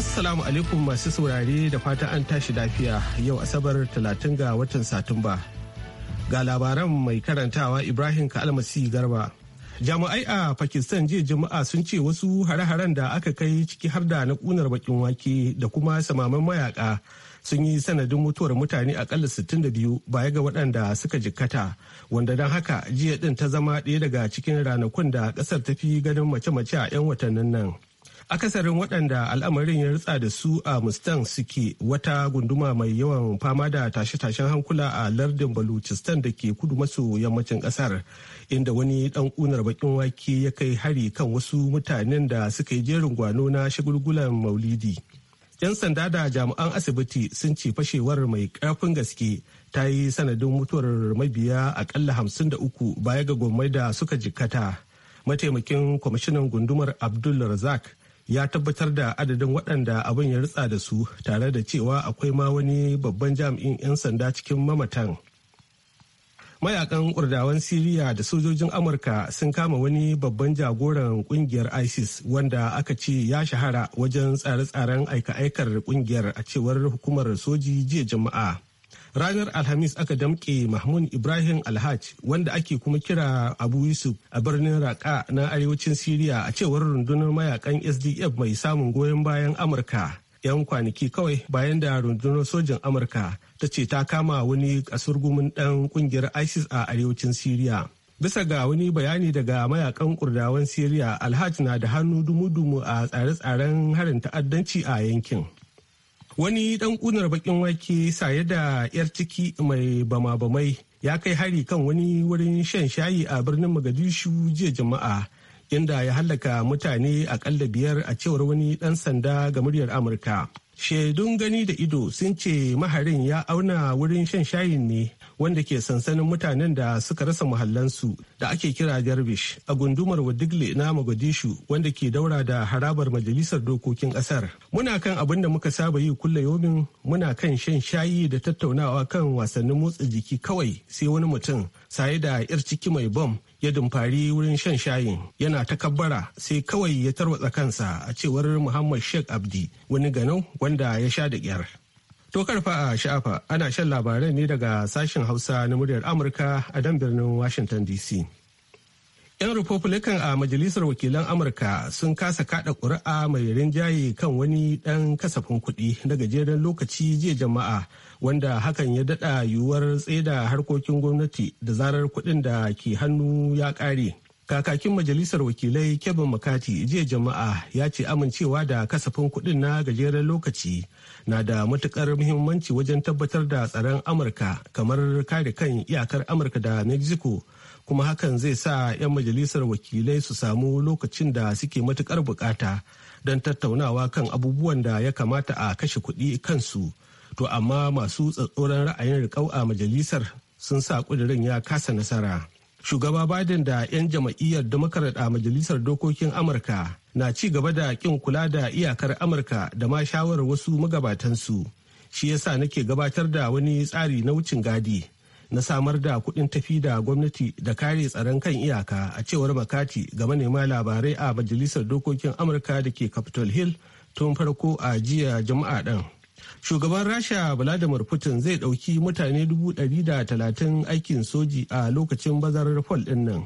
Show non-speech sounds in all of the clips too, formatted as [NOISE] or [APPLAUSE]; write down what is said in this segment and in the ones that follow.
Assalamu alaikum masu saurare da fata an tashi lafiya yau Asabar 30 ga watan Satumba. Ga labaran mai karantawa Ibrahim Kalmasi Garba. Jami'ai a Pakistan jiya Juma'a sun ce wasu hare-haren da aka kai ciki har da na kunar bakin wake da kuma samaman mayaka sun yi sanadin mutuwar mutane akalla 62 baya ga waɗanda suka jikkata wanda don haka jiya ɗin ta zama ɗaya daga cikin ranakun da ƙasar ta fi ganin mace-mace a 'yan watannin nan. akasarin waɗanda al'amarin ya rutsa da su a mustang suke wata gunduma mai yawan fama da tashe-tashen hankula a lardin baluchistan da ke kudu maso yammacin ƙasar inda wani ɗan ƙunar bakin wake ya kai hari kan wasu mutanen da suka yi jerin gwano na shagulgulan maulidi 'yan sanda da jami'an asibiti sun ce fashewar mai ƙarfin gaske ta yi sanadin mutuwar mabiya akalla hamsin da uku baya ga gwamnati da suka jikkata mataimakin kwamishinan gundumar abdul razak ya tabbatar da adadin waɗanda abin ya ritsa da su tare da cewa akwai ma wani babban jami'in 'yan sanda cikin mamatan mayakan kurdawan siriya da sojojin amurka sun kama wani babban jagoran kungiyar isis wanda aka ce ya shahara wajen tsare-tsaren aika-aikar kungiyar a cewar hukumar soji jiya jama'a ranar alhamis aka damƙe mahmud ibrahim alhaj wanda ake kuma kira abu yusuf a birnin raka na arewacin siriya a cewar rundunar mayakan sdf mai samun goyon bayan amurka 'yan kwanaki kawai bayan da rundunar sojin amurka ta ce ta kama wani kasurgumin dan kungiyar isis a arewacin siriya bisa ga wani bayani daga mayakan kurdawan siriya alhaj na da hannu dumu-dumu a tsare-tsaren harin ta'addanci a yankin Wani ɗan ƙunar baƙin wake saye da 'yar ciki mai bama-bamai ya kai hari kan wani wurin shan shayi a birnin Mogadishu jiya jama'a inda ya hallaka mutane akalla biyar a cewar wani ɗan sanda ga muryar Amurka. Shaidun gani da ido sun ce maharin ya auna wurin shan shayin ne wanda ke sansanin mutanen da suka rasa muhallansu da ake kira dervish a gundumar Wadigle na Mogadishu wanda ke daura da harabar majalisar dokokin kasar. Muna kan abin da muka saba yi kulle yomin muna kan shan shayi da tattaunawa kan wasannin motsa jiki kawai sai wani mutum saye da yar ciki mai bom ya dumfari wurin shan shayin yana takabbara sai kawai ya tarwatsa kansa a cewar Muhammad Sheikh Abdi wani ganau wanda ya sha da kyar. To karfa a sha'afa ana shan labaran ne daga sashen Hausa na muryar Amurka a dan birnin Washington DC. 'Yan Republican a Majalisar Wakilan Amurka sun kasa kada ƙuri'a mai rinjaye kan wani ɗan kasafin kuɗi na gajeren lokaci jiya jama'a wanda hakan ya daɗa yiwuwar tsaida harkokin gwamnati da zarar kuɗin da ke hannu ya ƙare. Kakakin Majalisar Wakilai Kevin McCarthy jiya jama'a ya ce amincewa da kasafin kuɗin na gajeren lokaci na da matukar muhimmanci wajen tabbatar da tsaron amurka kamar kare kan iyakar amurka da mexico kuma hakan zai sa 'yan majalisar wakilai su samu lokacin da suke matukar bukata don tattaunawa kan abubuwan da ya kamata a kashe kuɗi kansu to amma masu tsatsoron ra'ayin riƙau a majalisar sun sa ƙudurin ya kasa nasara. shugaba biden da 'yan jama'iyyar democrat a majalisar dokokin amurka na ci gaba da kin kula da iyakar amurka da ma shawarar wasu magabatansu shi yasa nake gabatar da wani tsari na wucin gadi na samar da kuɗin tafi da gwamnati da kare tsaron kan iyaka a cewar makati ga manema labarai a majalisar dokokin amurka da ke capitol hill tun farko a jiya jama'a ɗan. shugaban rasha vladimir putin zai ɗauki mutane dubu da talatin aikin soji a lokacin bazarar fall ɗin nan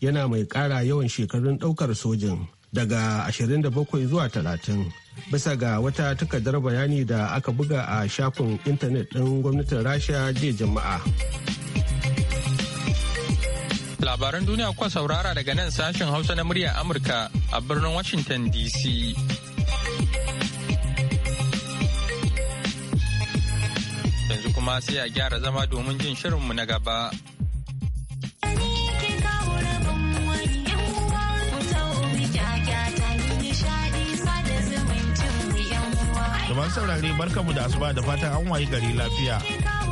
yana mai kara yawan shekarun ɗaukar sojin daga 27 zuwa 30 bisa ga wata takardar bayani da aka buga a shafin intanet ɗin gwamnatin rasha jiya jama'a labaran duniya kuwa saurara daga nan sashen hausa na murya amurka a birnin washington dc kuma sai a gyara zama domin jin shirinmu na gaba. Kamar saurare barkamu da asuba da fatan an wayi gari lafiya.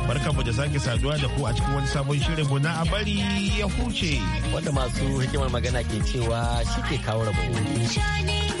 Barkamu da sake saduwa da ku a cikin wani sabon shirin mu na abari ya huce. Wanda masu hikimar magana ke cewa shi ke kawo rabo.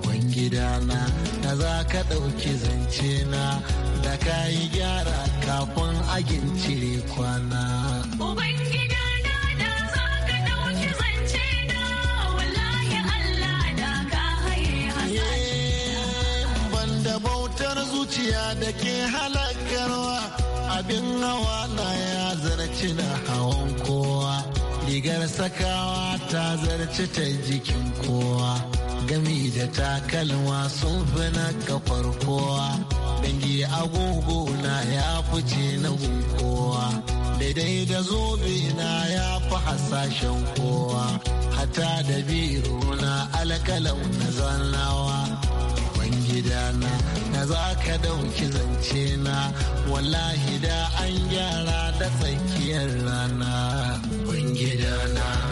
gidana da za ka ɗauki zance na da ka yi gyara kafin agin cire kwana. Eh, bautar zuciya da ke halakarwa abin hawa na ya zarci na hawan kowa rigar sakawa ta zarci ta jikin kowa gami da takalma sun fi na kafar kowa dangi agogo na ya fice na kowa daidai da zobe na ya fi hasashen kowa hata da biyu na alkalau na zannawa gidana na za ka dauki zance na wallahi da an gyara da tsakiyar rana ban gidana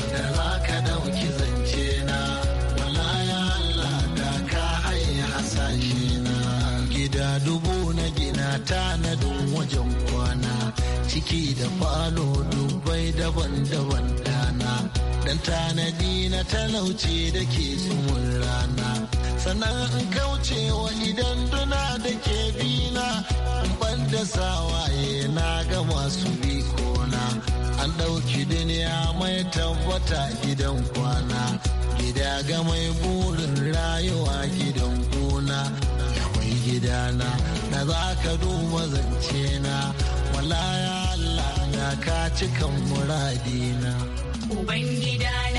tanadin wajen kwana ciki da falo dubbai daban-daban dana dan tanadi na talauce da ke tsumin rana sannan in kaucewa idan duna da ke bina in ban da sawaye na ga masu bikona an ɗauki duniya mai tabbata gidan kwana gida ga mai burin rayuwa gidan kwana gidana da za ka duba zance na wala ya Allah ya ka cika muradina. Ubangidana.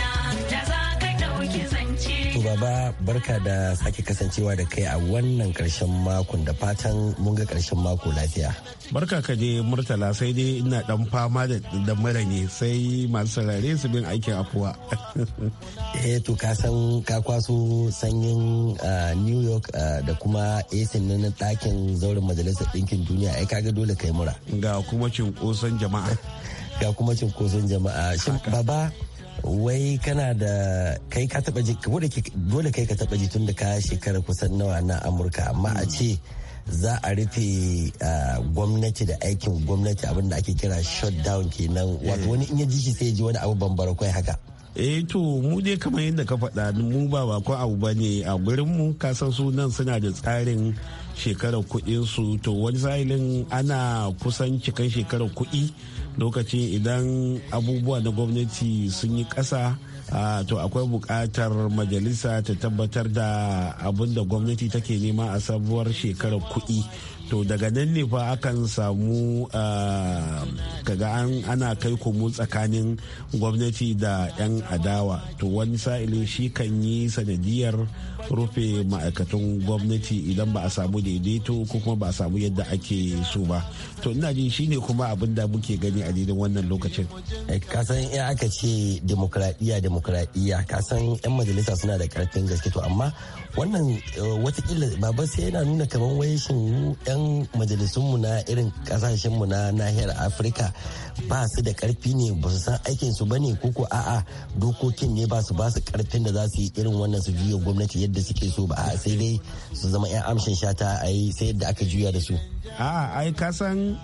To baba barka da sake kasancewa da kai a wannan karshen makon da fatan mun ga karshen mako lafiya. Barka ka je murtala sai dai ina dan fama da mara ne sai masu sarare su bin aikin afuwa. [LAUGHS] eh to ka san ka kwaso sanyin ah, New York ah, da kuma AC na ɗakin zauren majalisar ɗinkin duniya ai kaga dole kai mura. Ga kuma cinkoson jama'a. [LAUGHS] Ga kuma cinkoson jama'a. Shin baba wai kana da kai ka taba ji dole kai ka taba ji tun da ka shekara kusan nawa na amurka amma a ce za a rufe gwamnati da aikin gwamnati abinda ake kira shutdown kenan eh. wato wani in ya ji shi sai ya ji wani abu bambara kai haka eh to mu dai kamar yadda ka faɗa mu ba ba ko abu bane a gurin mu san su nan suna da tsarin shekarar kuɗin su to wani sa'ilin ana kusan cikan shekarar kuɗi lokaci idan abubuwa na gwamnati sun yi ƙasa to akwai buƙatar majalisa ta tabbatar da abin da gwamnati take nema a sabuwar shekarar kuɗi to daga nan ne fa akan samu ah, kaga ana kai komo tsakanin gwamnati da 'yan adawa to wani sa'ilin shi kan yi sanadiyar rufe ma'aikatan gwamnati idan ba a samu daidaito ko kuma ba a samu yadda ake so ba to ina jin shine kuma abin da muke gani a didin wannan lokacin eh, kasan ya aka ce demokradiyya demokradiyya kasan 'yan majalisa suna da karfin gaske to amma wannan eh, watakila baba sai yana nuna kamar wai shin yan majalisunmu na irin kasashenmu na nahiyar afirka ba su da karfi ne ba su san aikin su bane ko ko a'a dokokin ne ba su ba su karfin da za su yi irin wannan su juya gwamnati yadda suke so ba sai dai su zama yan amshin shata a yi sai yadda aka juya da su a'a ai kasan.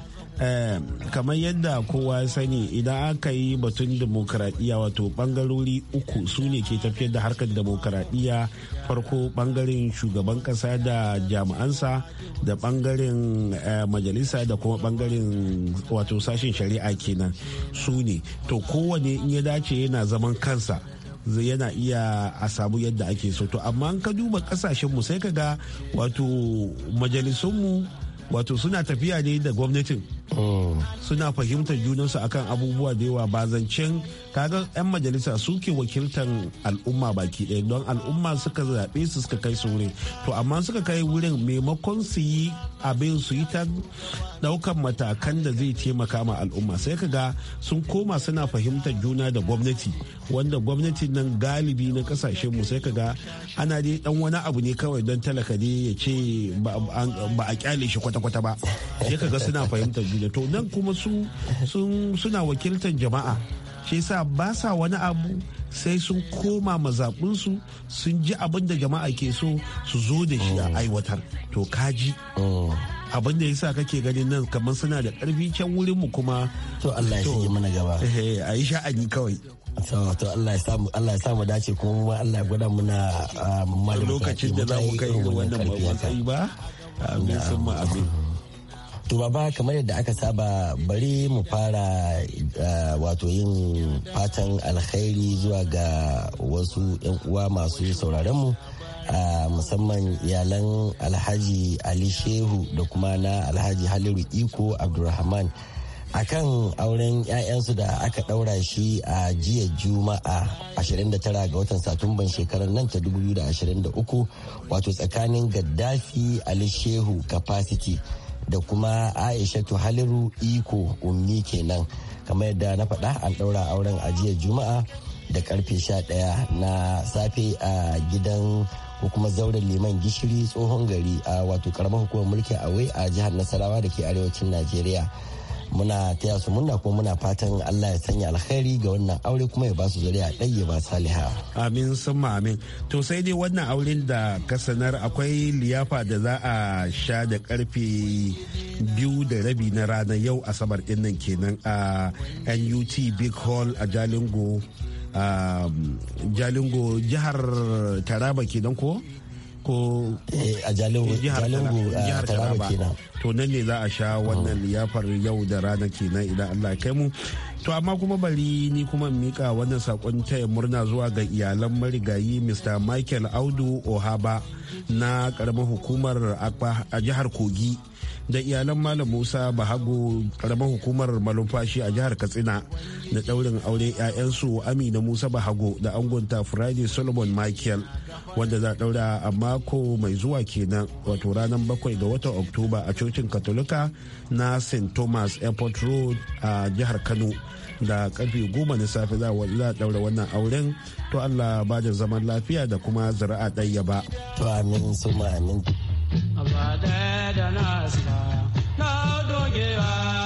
kamar yadda kowa sani idan aka yi batun demokradiyya wato bangarori uku su ne ke tafiyar da harkar demokradiyya farko bangaren shugaban kasa da jami'ansa da bangaren eh, majalisa da kuma bangaren wato sashen shari'a kenan su ne to kowane in ya dace yana zaman kansa yana iya a samu yadda ake so to amma ka duba kasashenmu sai ka ga wato majalisunmu wato suna tafiya ne da gwamnatin suna fahimtar junansu akan abubuwa da yawa ba zancen kaga 'yan majalisa suke wakiltar al'umma baki ɗaya don al'umma suka zaɓe su suka kai su wurin to amma suka kai wurin maimakon su yi abin su yi ta ɗaukan matakan da zai taimaka ma al'umma sai ka ga sun koma suna fahimtar juna da gwamnati wanda gwamnati nan galibi na kasashen mu sai ka ga ana dai dan wani abu ne kawai don talaka ne ya ce ba a kyale shi kwata-kwata ba sai ka ga suna fahimtar Abuja to nan kuma su suna wakiltar jama'a shi yasa ba sa wani abu sai sun koma mazaɓinsu sun ji abin da jama'a ke so su zo da shi a oh. aiwatar to kaji oh. abin da yasa kake ganin nan kamar suna da ƙarfi can wurin mu kuma to Allah ya shige mana gaba eh, a yi sha'ani kawai to Allah ya samu Allah ya samu dace kuma ma Allah ya gwada muna ah, lokacin da za mu kai wannan matsayi ba amin sun ma abin To baba kamar yadda aka saba bari mu fara eh, wato yin fatan alkhairi zuwa ga wasu 'yan uwa masu sauraronmu eh, musamman iyalan alhaji Ali Shehu da kuma na alhaji Haliru Iko Abdulrahman kan auren 'ya'yansu da aka ɗaura shi a jiya juma'a 29 ga watan satumban shekarar nan ta 2023 wato tsakanin gaddafi ali shehu capacity da kuma aishatu haliru iko ummi kenan kamar yadda na faɗa an ɗaura auren ajiyar juma'a da karfe 11 na safe a gidan ko kuma zauren liman gishiri tsohon gari a wato karamar hukumar mulki a a jihar nasarawa da ke arewacin najeriya muna taya su murna kuma muna fatan Allah ya sanya alkhairi ga wannan aure kuma ya ba su zuriya ya ba saliha amin summa amin to sai dai wannan auren da ka sanar akwai liyafa da za a sha da karfe biyu da rabi na ranar yau asabar din nan kenan a nut big hall a jalingo um, jalingo jihar taraba kenan ko ko eh, a jalingo eh, eh, taraba kenan to nan ne za a sha ah. wannan liyafar yau da rana kenan idan allah kai mu to amma kuma bari ni kuma mika wannan sakon taya murna zuwa ga iyalan marigayi mr michael audu ohaba na karamar hukumar a jihar kogi da iyalan malam musa bahago karamar hukumar malumfashi a jihar katsina da daurin auren 'ya'yansu amina musa bahago da angonta friday solomon michael wanda za daura a mako mai zuwa kenan wato ranar bakwai ga watan oktoba a cocin katolika na st thomas airport road a jihar kano da karfe goma na safe za a daura wannan auren to allah ba da zaman lafiya da kuma zira'a ɗaya ba. ba da na na dogewa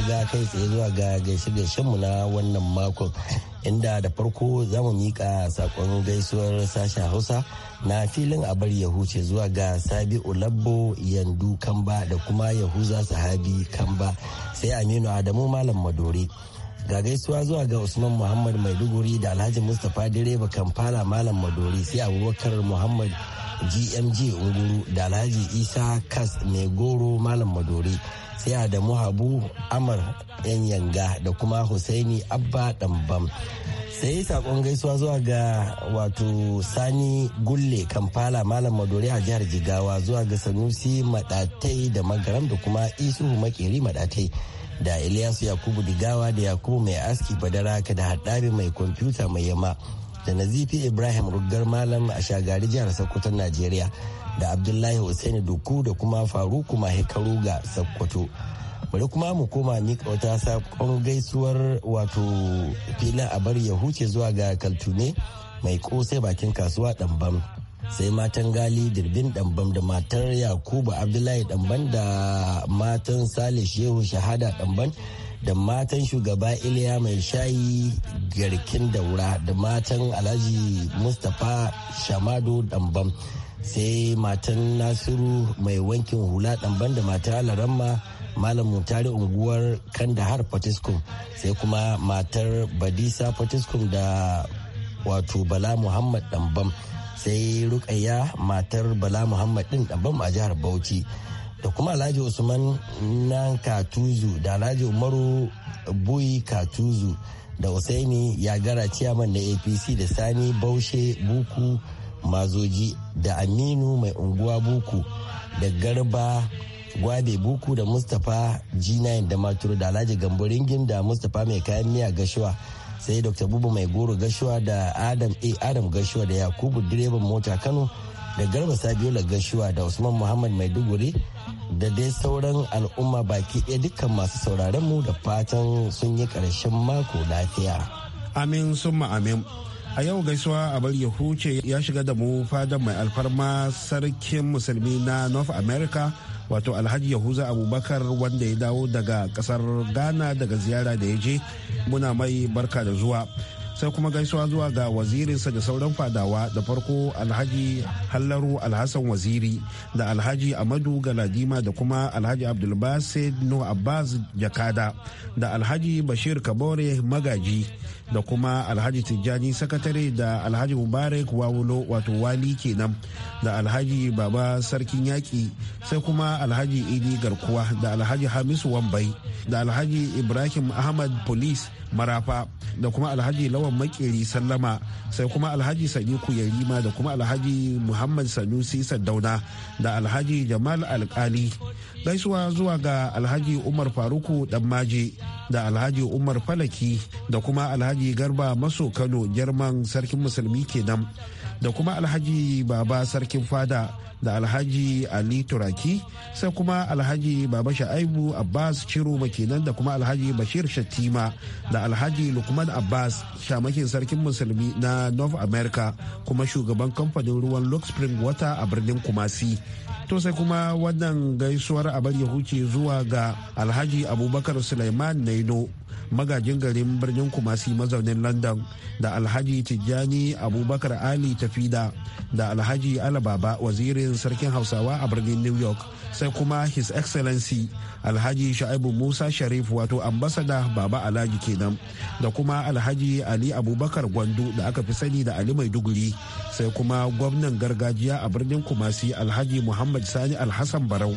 shiga kai tsaye zuwa ga gaishe mu na wannan makon inda da farko za mu miƙa saƙon gaisuwar sasha hausa na filin abar bar huce zuwa ga sabi'u labbo yandu kamba da kuma yahuza sahabi kamba sai aminu adamu malam madori ga gaisuwa zuwa ga usman muhammad maiduguri da alhaji mustapha direba kamfala malam madori sai abubakar muhammad gmg unguru da alhaji isa kas mai goro malam madori sai adamu habu amar yan yanga da kuma husaini abba dambam sai sakon gaisuwa zuwa ga wato sani gulle kamfala malam madori a jihar jigawa zuwa ga sanusi madatai da magaram da kuma isuhu makeri madatai da iliyasu yakubu digawa da yakubu mai aski badaraka da haɗari mai kwamfuta mai yamma da nazifi ibrahim ruggar malam a shagari jihar sokoton najeriya da abdullahi hussaini duku da kuma faruku mahekaru ga sakkwato bari kuma mu koma ni wata sakon gaisuwar wato filin a bar ya huce zuwa ga kaltune mai kosai bakin kasuwa ɗanbam sai matan gali dirbin ɗanbam da matar yakubu abdullahi dambam da matan sale shehu shahada dambam da matan shugaba iliya mai shayi garkin daura da matan alhaji mustapha shamado ɗanbam sai matan nasiru mai wankin hula ɗanban da mata alaramma malam tare unguwar kandahar potiskum sai kuma matar badisa potiskum da wato bala muhammad dambam sai rukayya matar bala muhammad ɗin dambam a jihar bauchi da kuma alhaji usman nan katuzu da alhaji umaru buyi katuzu da usaini ya gara ciyaman na apc da sani baushe buku mazoji da aminu mai unguwa buku da garba gwabe buku da mustapha g9 da maturu da alhaji gambo ringin da mustapha mai kayan miya gashuwa sai dr buba mai goro gashuwa da adam a adam gashuwa da yakubu direban mota kano da garba sabiola gashuwa da usman muhammad maiduguri da dai sauran al'umma baki ɗaya dukkan masu sauraron mu da fatan sun yi ƙarshen mako lafiya amin summa amin a yau gaisuwa a bar ya shiga da mu fadar mai alfarma sarkin musulmi na north america wato alhaji yahuza abubakar wanda ya dawo daga kasar ghana daga ziyara da ya je muna mai barka da zuwa sai kuma gaisuwa zuwa ga wazirinsa da sauran fadawa da farko alhaji hallaru alhassan waziri da alhaji amadu galadima da kuma alhaji abdulbasid nuh abbas jakada da alhaji bashir kabore magaji da kuma alhaji tijjani sakatare da alhaji mubarak wawulo wato wali kenan da alhaji baba sarkin yaƙi sai kuma alhaji idi garkuwa da alhaji hamisu wambai da alhaji ibrahim ahmad police marafa da kuma alhaji lawan makeri sallama sai kuma alhaji sadiku yarima da kuma alhaji muhammad sanusi sadauna da alhaji jamal alkali gaisuwa zuwa ga alhaji umar faruku maje da alhaji umar falaki da kuma alhaji garba maso kano girman sarkin musulmi kenan da kuma alhaji baba sarkin fada da alhaji ali turaki sai kuma alhaji baba sha'aibu abbas ciro kenan da kuma alhaji bashir shattima da alhaji lukman abbas shamakin sarkin musulmi na north america kuma shugaban kamfanin ruwan lux spring water a birnin kumasi to sai kuma wannan gaisuwar abar ya huce zuwa ga alhaji abubakar suleiman naino magajin garin birnin kumasi mazaunin london da alhaji tijjani abubakar ali tafida da alhaji alababa wazirin sarkin hausawa a birnin new york sai kuma his excellency alhaji sha'ibu musa sharif wato ambasada baba alhaji kenan da kuma alhaji ali abubakar gwandu da aka fi sani da ali maiduguri sai kuma gwamnan gargajiya a birnin kumasi alhaji muhammad sani alhassan barau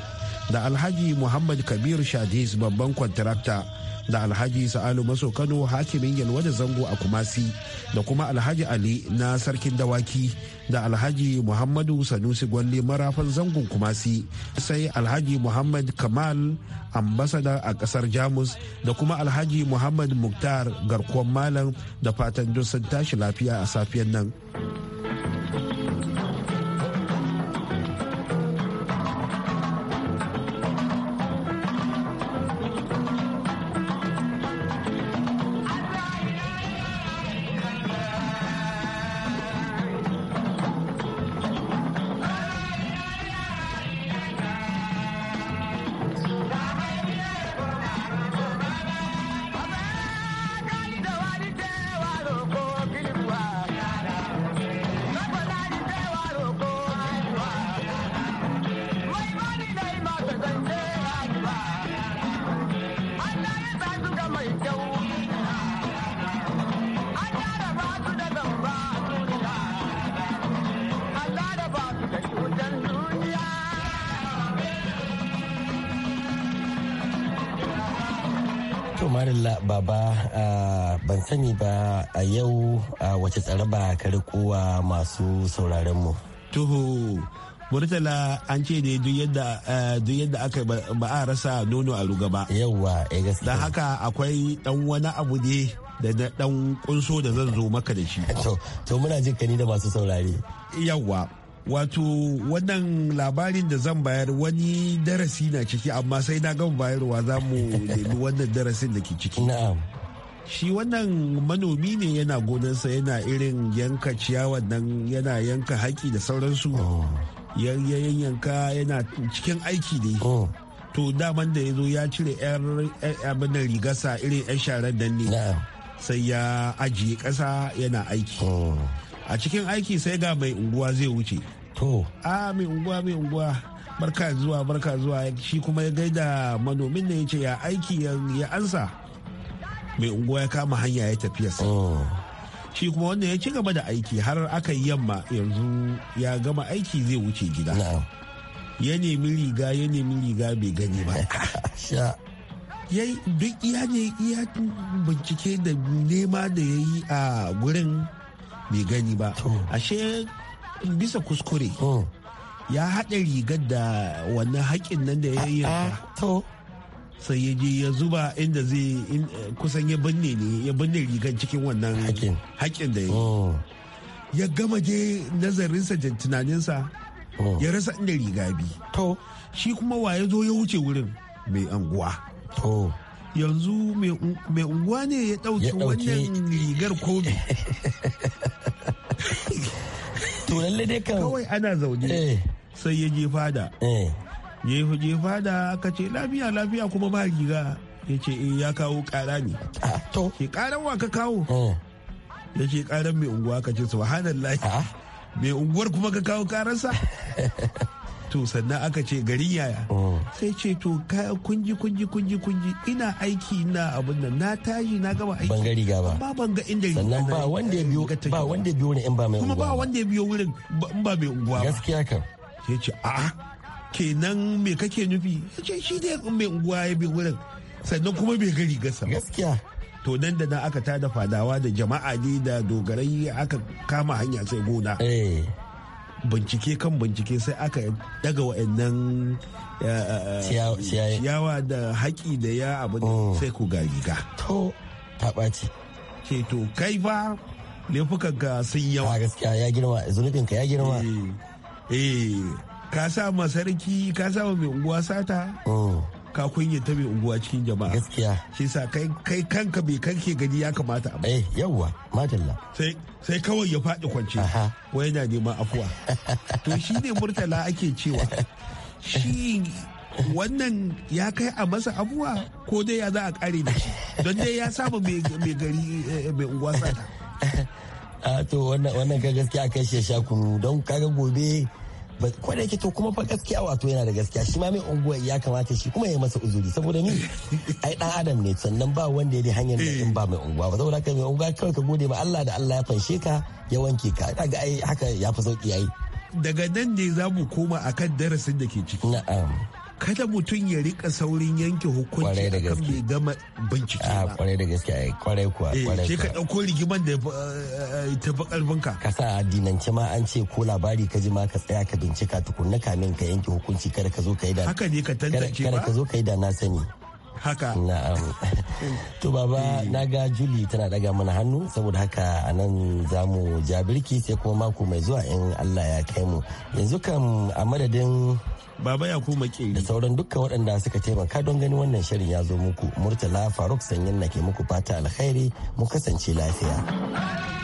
da alhaji muhammad kabir shadis babban kwantarakta da alhaji sa'alu maso kano hakimin yalwa da zango a kumasi da kuma alhaji ali na sarkin dawaki da alhaji muhammadu sanusi gwalle marafan zangon kumasi sai alhaji muhammad kamal ambasada a kasar jamus da kuma alhaji muhammad muktar garkuwan malam da fatan don sun tashi lafiya a safiyan nan madalla baba ban sani ba a yau wace tsaraba ka rikowa masu sauraronmu. Tuhu murtala an ce ne duk yadda aka ba a rasa nono a ruga ba. Yawwa eh, Don haka akwai dan wani abu ne da dan kunso da zan zo maka da shi. To muna jin kani da masu saurare. yauwa wato wannan labarin da zan bayar wani darasi na ciki amma sai na gama bayarwa za mu nemi wannan darasin da ke ciki shi wannan manomi ne yana gonarsa yana irin yanka ciyawa nan yana yanka haƙi da sauransu oh. ya yanka yana cikin aiki ne oh. to daman da ya zo ya cire 'yan abin rigarsa irin 'yan sharar nan ne sai ya ajiye ƙasa yana aiki oh. a cikin aiki sai ga mai unguwa zai wuce to a mai unguwa mai unguwa barka zuwa barka zuwa shi kuma ya gaida manomin ne ya ce ya aiki ya ansa mai unguwa ya kama hanya ya tafiya oh. shi kuma wannan ya ci gaba da aiki har aka yi yamma yanzu ya gama aiki zai wuce gida ya nemi riga ya nemi riga bai gani ba [LAUGHS] ya duk iya ne iya bincike da nema da ya yi a gurin bai gani ba ashe bisa kuskure ya haɗa rigar da wannan haƙin nan da ya yi ah, sai ya je ya zuba inda zai eh, kusan ya binne ne ya binne rigar cikin wannan haƙin da ya yi oh. ya gama je nazarinsa da tunaninsa oh. ya rasa inda riga bi to shi kuma wa ya zo ya wuce wurin mai anguwa to yanzu mai unguwa ne ya ɗauki wannan rigar komi [LAUGHS] to lalle dai kan kawai ana zaune eh. sai ya je fada eh. ya yi je fada aka ce lafiya lafiya kuma ba giga ya ce eh ya kawo kara ne ah, to ke karan wa ka kawo eh. ya ce karan mai unguwa ka ce subhanallah ah. mai unguwar kuma ka kawo karansa [LAUGHS] to sannan aka ce gari yaya oh. sai ce to kunji kunji kunji kunji ina aiki na abin nan na tashi na gaba. aiki ban gari ba ba ban ga inda sannan ba wanda ya biyo ba wanda ya biyo ne in ba mai unguwa kuma ba wanda ya biyo wurin in ba mai unguwa gaskiya kan sai ce a kenan me kake nufi ya ce shi dai mai unguwa ya bi wurin sannan kuma bai gari gasa gaskiya to nan da nan aka tada fadawa da jama'a ne da dogarai aka kama hanya sai gona eh. bincike kan bincike sai aka daga wa'annan eh, eh, eh, ciyawa da haƙi da ya abu mm. sai ku ga to ta ɓaci ke to kai fa laifukan ka sun yawa gaskiya ya girma zunubin ka ya girma eh ka sa ma sarki ka sa ma mai unguwa sata mm. ka kunya ta mai unguwa cikin jama'a gaskiya shi sa kai kai kanka bai kanke gani ya kamata a eh yawwa madalla sai sai kawai ya faɗi kwance wai yana neman afuwa [LAUGHS] to shi ne murtala ake cewa shi wannan ya kai a masa abuwa ko dai ya za a kare da shi don dai ya saba mai gari eh, mai unguwa sata a [LAUGHS] ah, to wannan ka gaskiya kai shi sha kunu don kaga gobe ba ko da yake to kuma fa gaskiya wato yana da gaskiya shi ma mai unguwa ya kamata shi kuma ya masa uzuri saboda ni ai dan adam ne sannan ba wanda ya da hanyar da in ba mai unguwa ba saboda ka mai unguwa kawai ka gode ma Allah da Allah ya fanshe ka ya wanke ka kaga ai haka ya fi sauki yayi daga nan ne za mu koma akan darasin da ke ciki na'am kada mutum ya rika saurin yanke hukunci akan bai gama bincike ah, ba. Kwarai da gaske kwarai kuwa eh, kwarai kuwa. ka ɗauko rigiman da eh, eh, ta fi ƙarfinka. Ka sa addinance ma an ce ko labari ka ji ma ka tsaya ka bincika tukunna kamin ka yanke hukunci kada ka zo ka yi da. Haka ne ka tantance ba. Kada ka zo ka yi da na sani. haka na'am [LAUGHS] to baba na ga juli tana daga mana hannu saboda haka a nan za mu ja birki sai kuma mako mai zuwa in allah ya kai mu yanzu kan a madadin Baba Yakubu Makin. Da sauran dukkan waɗanda suka taimaka don ganin wannan shirin ya zo muku. Murtala Faruk Sanyin na ke muku fata alkhairi mu kasance lafiya.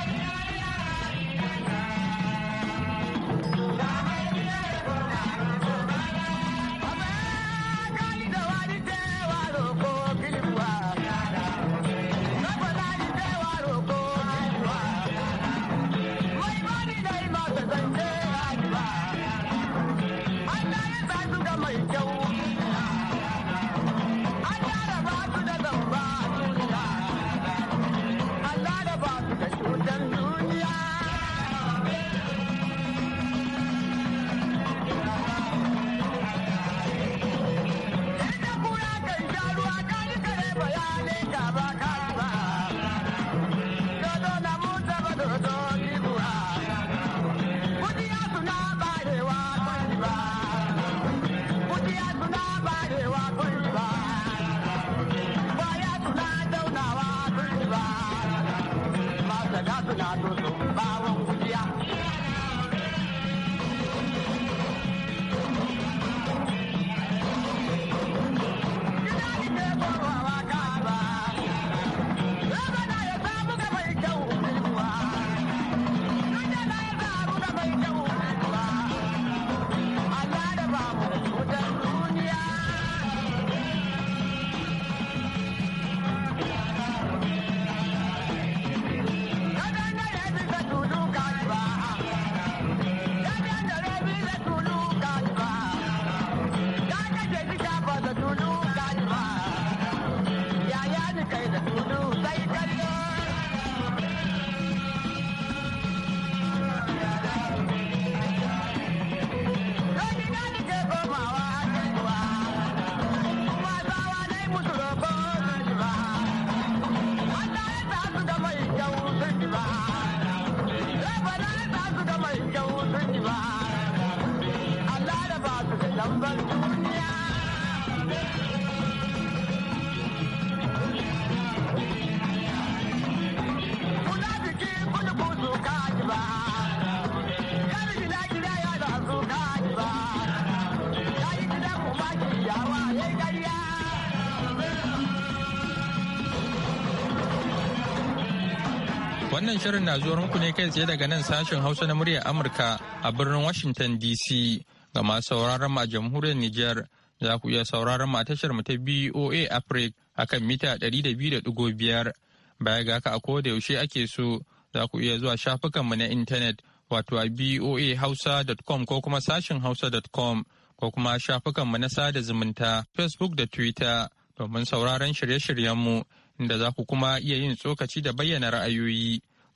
Wannan shirin na zuwa muku ne kai tsaye daga nan sashen Hausa na muryar Amurka a birnin Washington DC ga masu sauraron ma jamhuriyar Nijar za ku iya sauraron ma tashar mu ta BOA Africa akan mita 200.5 baya ga haka a koda yaushe ake so za ku iya zuwa shafukan mu na intanet wato a boahausa.com ko kuma sashin hausa.com ko kuma shafukan mu na sada zumunta facebook da twitter domin sauraron shirye shiryen mu inda za ku kuma iya yin tsokaci da bayyana ra'ayoyi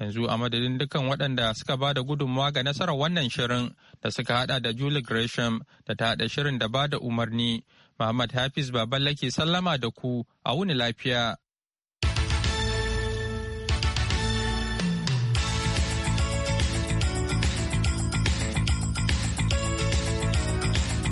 yanzu a madadin dukkan waɗanda suka ba da gudunmawa ga nasarar wannan shirin da suka hada da julie gresham da ta haɗa shirin da ba da umarni muhammad hafiz baballa ke sallama da ku a wuni lafiya